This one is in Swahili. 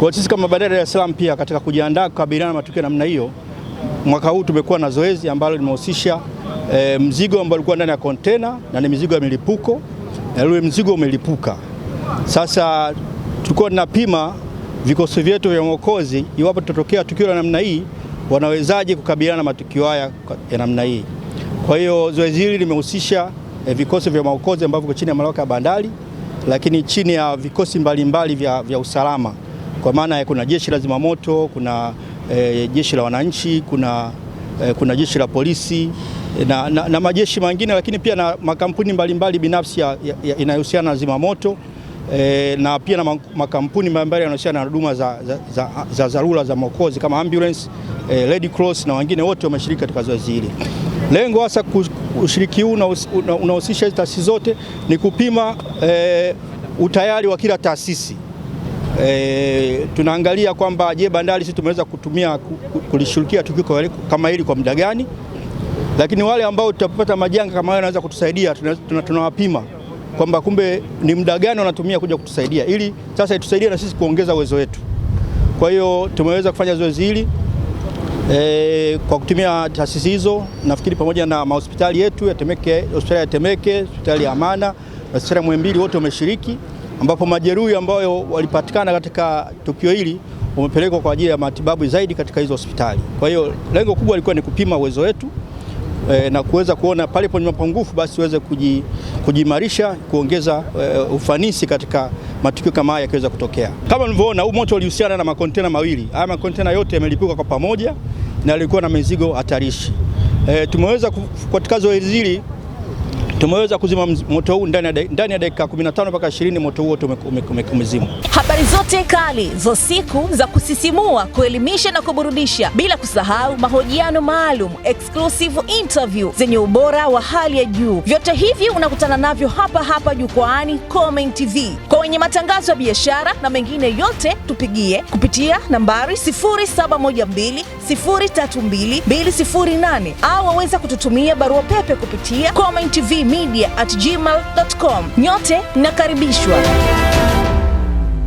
Kwa sisi kama bandari ya Dar es Salaam pia katika kujiandaa kukabiliana na matukio namna hiyo, mwaka huu tumekuwa na zoezi ambalo limehusisha e, mzigo ambao ulikuwa ndani ya kontena na ni mizigo ya milipuko na ule mzigo umelipuka. Sasa tulikuwa tunapima vikosi vyetu vya uokozi, iwapo tutatokea tukio la namna hii, wanawezaje kukabiliana na matukio haya ya namna hii. Kwa hiyo zoezi hili limehusisha e, vikosi vya maokozi ambavyo chini ya mamlaka ya bandari, lakini chini ya vikosi mbalimbali mbali vya, vya usalama kwa maana kuna jeshi la zimamoto, kuna e, jeshi la wananchi, kuna, e, kuna jeshi la polisi eh, na, na, na majeshi mengine, lakini pia na makampuni mbalimbali binafsi inayohusiana na zimamoto e, na pia na makampuni mbalimbali yanayohusiana na huduma za za, za, za, za, za mwokozi kama ambulance e, Red Cross na wengine wote wameshiriki katika zoezi hili. Lengo hasa ushiriki huu unahusisha hizi taasisi zote ni kupima e, utayari wa kila taasisi. E, tunaangalia kwamba je, bandari sisi tumeweza kutumia kulishirikia tukio kama hili kwa muda gani, lakini wale ambao tutapata majanga kama hayo wanaweza kutusaidia, tunawapima kwamba kumbe ni muda gani wanatumia kuja kutusaidia, ili sasa itusaidie na sisi kuongeza uwezo wetu. Kwa hiyo tumeweza kufanya zoezi hili e, kwa kutumia taasisi hizo, nafikiri pamoja na mahospitali yetu ya Temeke, hospitali ya Temeke, hospitali ya Amana na hospitali ya Muhimbili, wote wameshiriki ambapo majeruhi ambayo walipatikana katika tukio hili wamepelekwa kwa ajili ya matibabu zaidi katika hizo hospitali. Kwa hiyo lengo kubwa lilikuwa ni kupima uwezo wetu e, na kuweza kuona pale penye mapungufu basi uweze kujiimarisha, kuongeza e, ufanisi katika matukio kama haya yakiweza kutokea. Kama mlivyoona, huu moto ulihusiana na makontena mawili. Haya makontena yote yamelipuka kwa pamoja na yalikuwa na mizigo hatarishi. E, tumeweza katika zoezi hili Tumeweza kuzima moto huu ndani ya dakika 15 mpaka 20, moto huo wote umezimwa. Habari zote kali za siku za kusisimua, kuelimisha na kuburudisha, bila kusahau mahojiano maalum, exclusive interview zenye ubora wa hali ya juu, vyote hivi unakutana navyo hapa hapa jukwaani Khomein TV. Kwa wenye matangazo ya biashara na mengine yote, tupigie kupitia nambari 0712 032 208 au waweza kututumia barua pepe kupitia Khomein TV media at gmail.com. Nyote nakaribishwa.